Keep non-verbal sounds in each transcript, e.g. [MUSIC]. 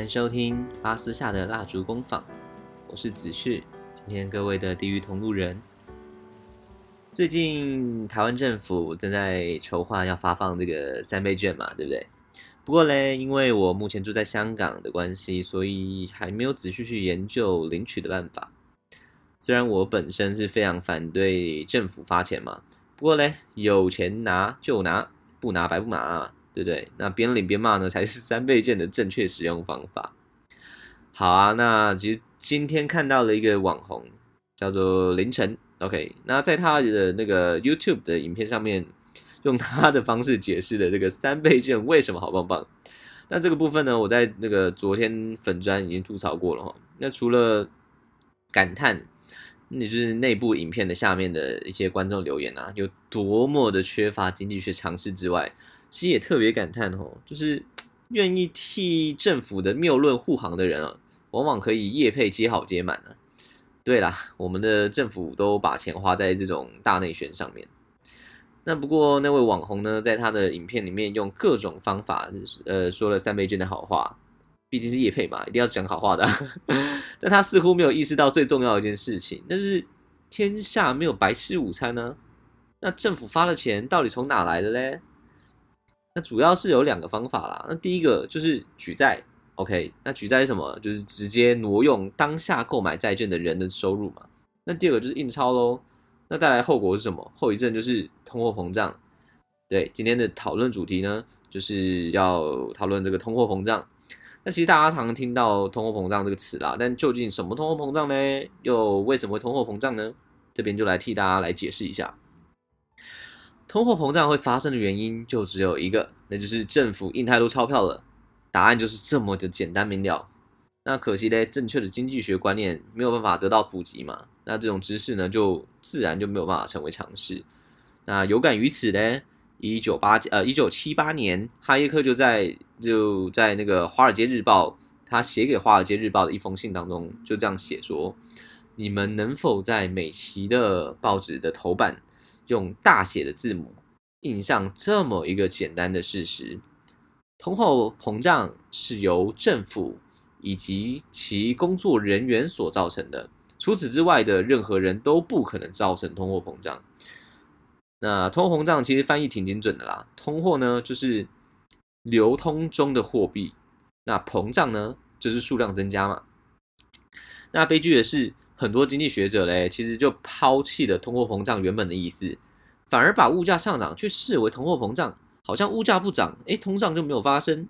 歡迎收聽《巴斯夏的蠟燭工坊》，我是子旭，今天各位的地獄同路人。最近台灣政府正在籌劃要發放這個三倍券嘛，對不對？不過呢，因為我目前住在香港的關係，所以還沒有仔細去研究領取的辦法。雖然我本身是非常反對政府發錢嘛，不過呢，有錢拿就拿，不拿白不拿。對不對？那，邊領邊罵呢，才是三倍券的正確使用方法。好啊，那其實今天看到了一個網紅叫做凌晨，OK？那在他的那個 YouTube 的影片上面，用他的方式解釋了這個三倍券為什麼好棒棒。那這個部分呢，我在那個昨天粉專已經吐槽過了哈。那除了感嘆你就是內部影片的下面的一些觀眾留言啊，有多麼的缺乏經濟學常識之外，其實也特別感嘆哦，就是願意替政府的謬論護航的人啊，往往可以業配接好接滿呢、啊。對啦，我們的政府都把錢花在這種大內宣上面。那不過那位網紅呢，在他的影片裡面用各種方法，呃，說了三倍券的好話，畢竟是業配嘛，一定要講好話的、啊。 [LAUGHS] 但他似乎沒有意識到最重要的一件事情，那就是天下沒有白吃午餐呢、啊。那政府發的錢到底從哪來的嘞？那主要是有兩個方法啦。那第一個就是舉債，OK？那舉債是什麼？就是直接挪用當下購買債券的人的收入嘛。那第二個就是印鈔嘍。那帶來後果是什麼？後遺症就是通貨膨脹。對，今天的討論主題呢，就是要討論這個通貨膨脹。那其實大家常常聽到通貨膨脹這個詞啦，但究竟什麼通貨膨脹呢？又為什麼會通貨膨脹呢？這邊就來替大家來解釋一下。通貨膨脹會發生的原因就只有一個，那就是政府印太多鈔票了。答案就是這麼的簡單明了。那可惜嘞，正確的經濟學觀念沒有辦法得到普及嘛，那這種知識呢，就自然就沒有辦法成為常識。那有感於此呢，一九八呃一九七八年，哈耶克就在就在那個《華爾街日報》，他寫給《華爾街日報》的一封信當中，就這樣寫說：“你們能否在每期的報紙的頭版？”用大寫的字母印上這麼一個簡單的事實：通貨膨脹是由政府以及其工作人員所造成的。除此之外的任何人都不可能造成通貨膨脹。那通貨膨脹其實翻譯挺精準的啦。通貨呢就是流通中的貨幣，那膨脹呢就是數量增加嘛。那悲劇的是。很多經濟學者嘞，其實就拋棄了通貨膨脹原本的意思，反而把物價上漲去視為通貨膨脹，好像物價不漲，誒，通脹就沒有發生。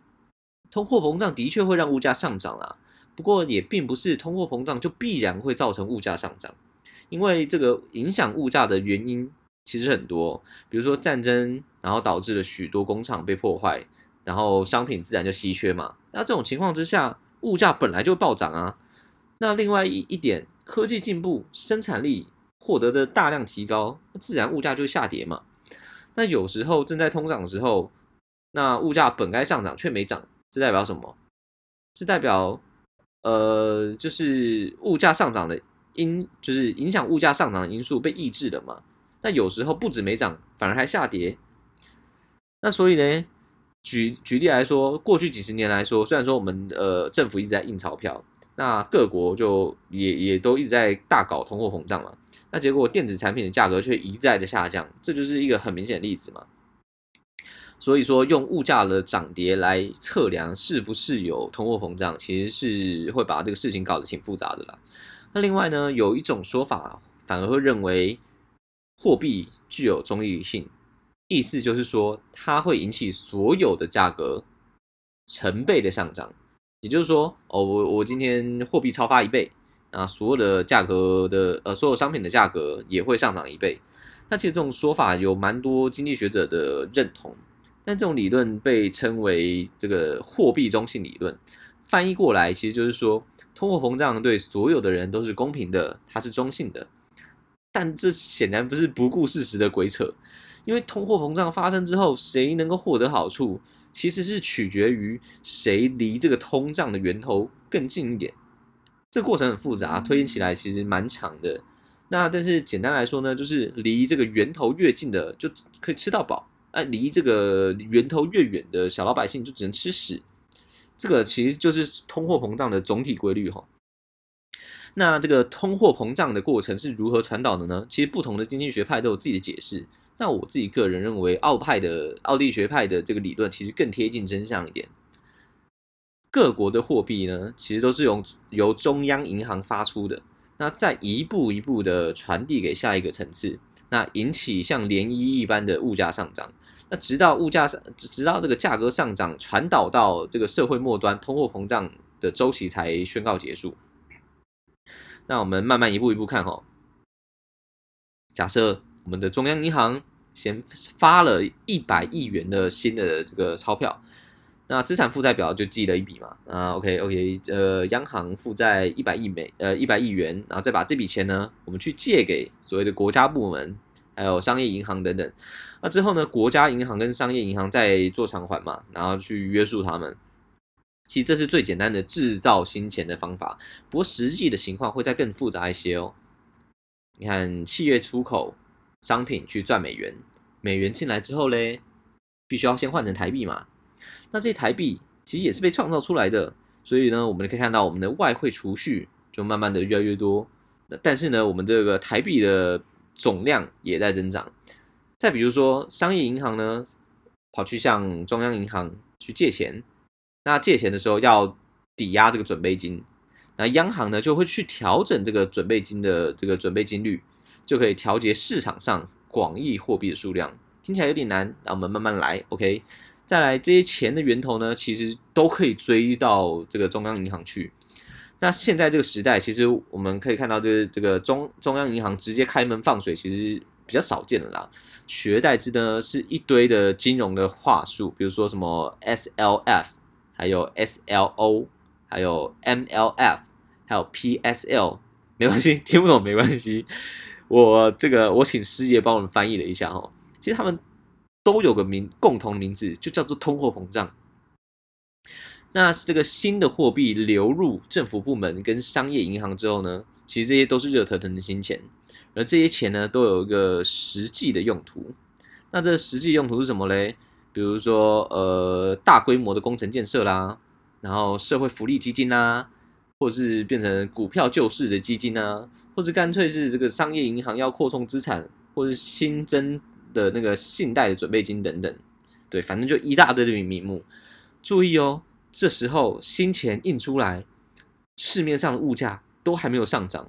通貨膨脹的確會讓物價上漲啊，不過也並不是通貨膨脹就必然會造成物價上漲，因為這個影響物價的原因其實很多，比如說戰爭，然後導致了許多工廠被破壞，然後商品自然就稀缺嘛，那這種情況之下，物價本來就會暴漲啊。那另外一一點。科技進步，生產力獲得的大量提高，那自然物價就會下跌嘛。那有時候正在通脹的時候，那物價本該上漲卻沒漲，這代表什麼？這代表呃，就是物價上漲的因，就是影響物價上漲的因素被抑制了嘛。那有時候不止沒漲，反而還下跌。那所以呢，舉舉例來說，過去幾十年來說，雖然說我們呃政府一直在印鈔票。那各國就也也都一直在大搞通貨膨脹嘛，那結果電子產品的價格卻一再的下降，這就是一個很明顯的例子嘛。所以說用物價的漲跌來測量是不是有通貨膨脹，其實是會把這個事情搞得挺複雜的啦。那另外呢，有一種說法反而會認為貨幣具有中立性，意思就是說它會引起所有的價格成倍的上漲。也就是說，哦，我我今天貨幣超發一倍，啊，所有的價格的呃，所有商品的價格也會上漲一倍。那其實這種說法有蠻多經濟學者的認同，但這種理論被稱為這個貨幣中性理論。翻譯過來，其實就是說通貨膨脹對所有的人都是公平的，它是中性的。但這顯然不是不顧事實的鬼扯，因為通貨膨脹發生之後，誰能夠獲得好處？其實是取決於誰離這個通脹的源頭更近一點，這個、過程很複雜，啊，推演起來其實蠻長的。那但是簡單來說呢，就是離這個源頭越近的就可以吃到飽，啊，離這個源頭越遠的小老百姓就只能吃屎。這個其實就是通貨膨脹的總體規律哈。那這個通貨膨脹的過程是如何傳導的呢？其實不同的經濟學派都有自己的解釋。那我自己個人認為，奧派的奧地利學派的這個理論其實更貼近真相一點。各國的貨幣呢，其實都是由由中央銀行發出的，那再一步一步的傳遞給下一個層次，那引起像漣漪一般的物價上漲，那直到物價上，直到這個價格上漲傳導到這個社會末端，通貨膨脹的周期才宣告結束。那我們慢慢一步一步看哦，假設。我們的中央銀行先發了一百億元的新的這個鈔票，那資產負債表就記了一筆嘛。啊，OK，OK，OK, OK, 呃，央行負債一百億美呃一百億元，然後再把這筆錢呢，我們去借給所謂的國家部門、還有商業銀行等等。那之後呢，國家銀行跟商業銀行再做償還嘛，然後去約束他們。其實這是最簡單的制造新錢的方法，不過實際的情況會再更複雜一些哦。你看，七月出口。商品去賺美元，美元進來之後嘞，必須要先換成台幣嘛。那這台幣其實也是被創造出來的，所以呢，我們可以看到我們的外匯儲蓄就慢慢的越來越多。但是呢，我們這個台幣的總量也在增長。再比如說，商業銀行呢跑去向中央銀行去借錢，那借錢的時候要抵押這個準備金，那央行呢就會去調整這個準備金的這個準備金率。就可以調節市場上廣義貨幣的數量，聽起來有點難，那我們慢慢來，OK？再來這些錢的源頭呢，其實都可以追到這個中央銀行去。那現在這個時代，其實我們可以看到，就是這個中中央銀行直接開門放水，其實比較少見了啦。取而代之的呢是一堆的金融的話術，比如說什麼 SLF，還有 SLO，還有 MLF，還有 PSL，沒關係，聽不懂沒關係。我這個，我請師爺幫我們翻譯了一下哈、哦。其實他們都有個名，共同名字就叫做通貨膨脹。那是這個新的貨幣流入政府部門跟商業銀行之後呢，其實這些都是熱騰騰的新錢。而這些錢呢，都有一個實際的用途。那這實際用途是什麼嘞？比如說，呃，大規模的工程建設啦，然後社會福利基金啦，或者是變成股票救市的基金啦。或者乾脆是這個商業銀行要擴充資產，或者新增的那個信貸的準備金等等，對，反正就一大堆的名目。注意哦，這時候新錢印出來，市面上的物價都還沒有上漲，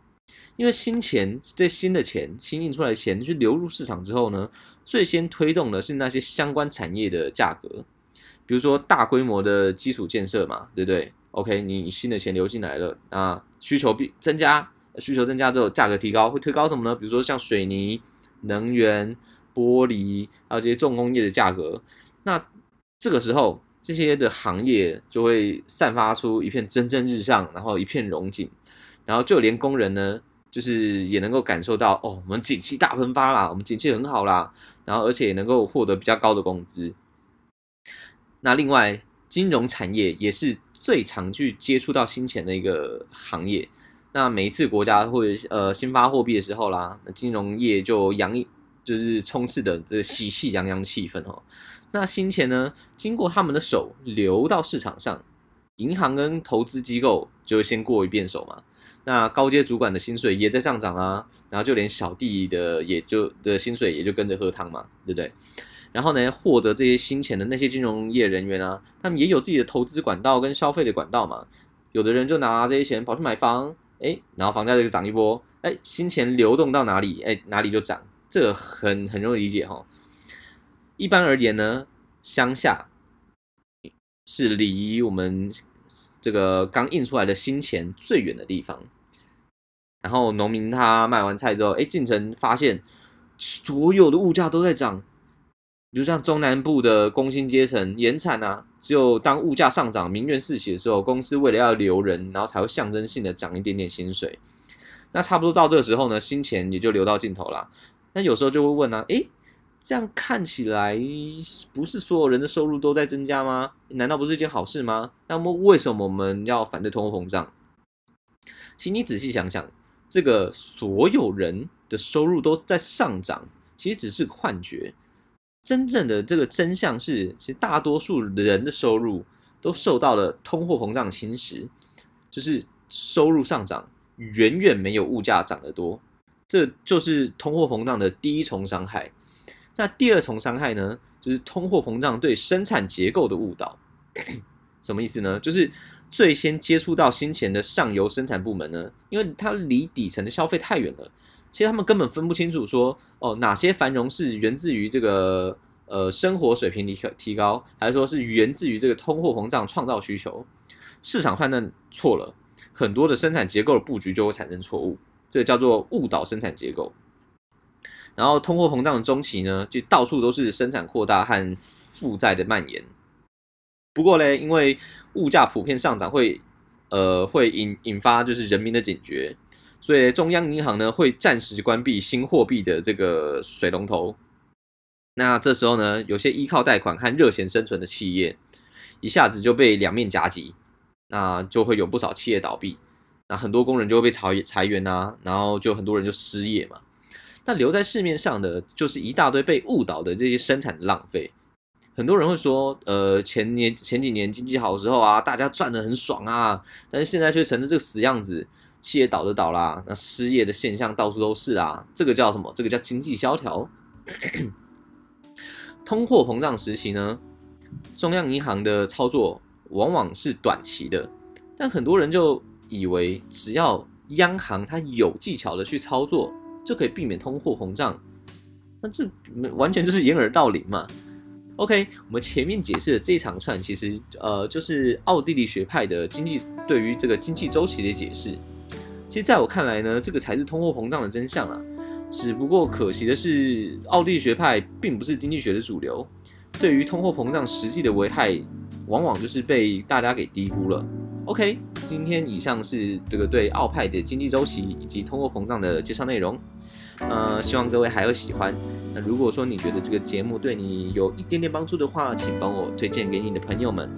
因為新錢這新的錢新印出來的錢去流入市場之後呢，最先推動的是那些相關產業的價格，比如說大規模的基礎建設嘛，對不對？OK，你新的錢流進來了，啊，需求比增加。需求增加之後，價格提高會推高什麼呢？比如說像水泥、能源、玻璃，還有這些重工業的價格。那這個時候，這些的行業就會散發出一片蒸蒸日上，然後一片榮景。然後就連工人呢，就是也能夠感受到哦，我們景氣大噴發啦，我們景氣很好啦，然後而且也能夠獲得比較高的工資。那另外，金融產業也是最常去接觸到金錢的一個行業。那每一次國家會呃新發貨幣的時候啦，那金融業就洋就是充斥的這喜氣洋洋氣氛齁。那新錢呢，經過他們的手流到市場上，銀行跟投資機構就會先過一遍手嘛。那高階主管的薪水也在上漲啦，啊，然後就連小弟的也就的薪水也就跟着喝湯嘛，對不對？然後呢，獲得這些新錢的那些金融業人員啊，他們也有自己的投資管道跟消費的管道嘛。有的人就拿這些錢跑去買房。哎，然後房價就漲一波，哎，新錢流動到哪裡，哎，哪裡就漲，這個很很容易理解哈。一般而言呢，鄉下是離我們這個剛印出來的新錢最遠的地方，然後農民他賣完菜之後，哎，進城發現所有的物價都在漲。比如像中南部的工薪階層，嚴產啊，只有當物價上漲，民怨四起的時候，公司為了要留人，然後才會象徵性的漲一點點薪水。那差不多到這個時候呢，新錢也就流到盡頭啦。那有時候就會問啊，誒，這樣看起來不是所有人的收入都在增加嗎？難道不是一件好事嗎？那麼為什麼我們要反對通貨膨脹？請你仔細想想，這個所有人的收入都在上漲，其實只是幻覺。真正的這個真相是，其實大多數人的收入都受到了通貨膨脹侵蝕，就是收入上漲遠遠沒有物價漲得多，這就是通貨膨脹的第一重傷害。那第二重傷害呢，就是通貨膨脹對生產結構的誤導。咳咳，什麼意思呢？就是最先接觸到新錢的上游生產部門呢，因為它離底層的消費太遠了。其實他們根本分不清楚說，說哦哪些繁榮是源自於這個呃生活水平提提高，還是說是源自於這個通貨膨脹創造需求？市場判斷錯了，很多的生產結構的布局就會產生錯誤，這個叫做誤導生產結構。然後通貨膨脹的中期呢，就到處都是生產擴大和負債的蔓延。不過嘞，因為物價普遍上漲會呃會引引發就是人民的警覺。所以，中央銀行呢，會暫時關閉新貨幣的這個水龍頭。那這時候呢，有些依靠貸款和熱錢生存的企業，一下子就被兩面夾擊，那就會有不少企業倒閉，那很多工人就會被裁裁員吶，啊，然後就很多人就失業嘛。但留在市面上的，就是一大堆被誤導的這些生產的浪費。很多人會說，呃，前年前幾年經濟好的時候啊，大家賺得很爽啊，但是現在卻成了這個死樣子。企業倒就倒啦，那失業的現象到處都是啊，這個叫什麼？這個叫經濟蕭條。通貨膨脹時期呢，中央銀行的操作往往是短期的，但很多人就以為只要央行它有技巧的去操作，就可以避免通貨膨脹。那這完全就是掩耳盜鈴嘛。OK，我們前面解釋的這一長串，其實呃，就是奧地利學派的經濟對於這個經濟週期的解釋。其實，在我看來呢，這個才是通貨膨脹的真相啊。只不過可惜的是，奧地利學派並不是經濟學的主流。對於通貨膨脹實際的危害，往往就是被大家給低估了。OK，今天以上是這個對奧派的經濟週期以及通貨膨脹的介紹內容。呃，希望各位還有喜歡。那如果說你覺得這個節目對你有一點點幫助的話，請幫我推薦給你的朋友們。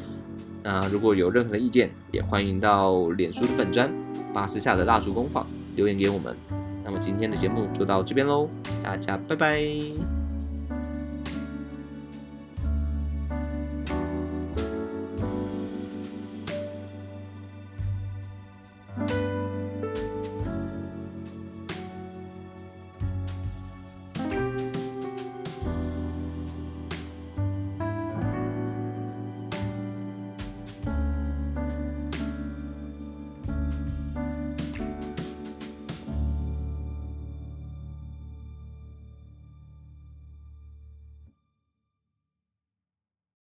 那、呃、如果有任何的意見，也歡迎到臉書的粉專。巴斯夏的蠟燭工坊留言給我們。那麼今天的節目就到這邊嘍，大家拜拜。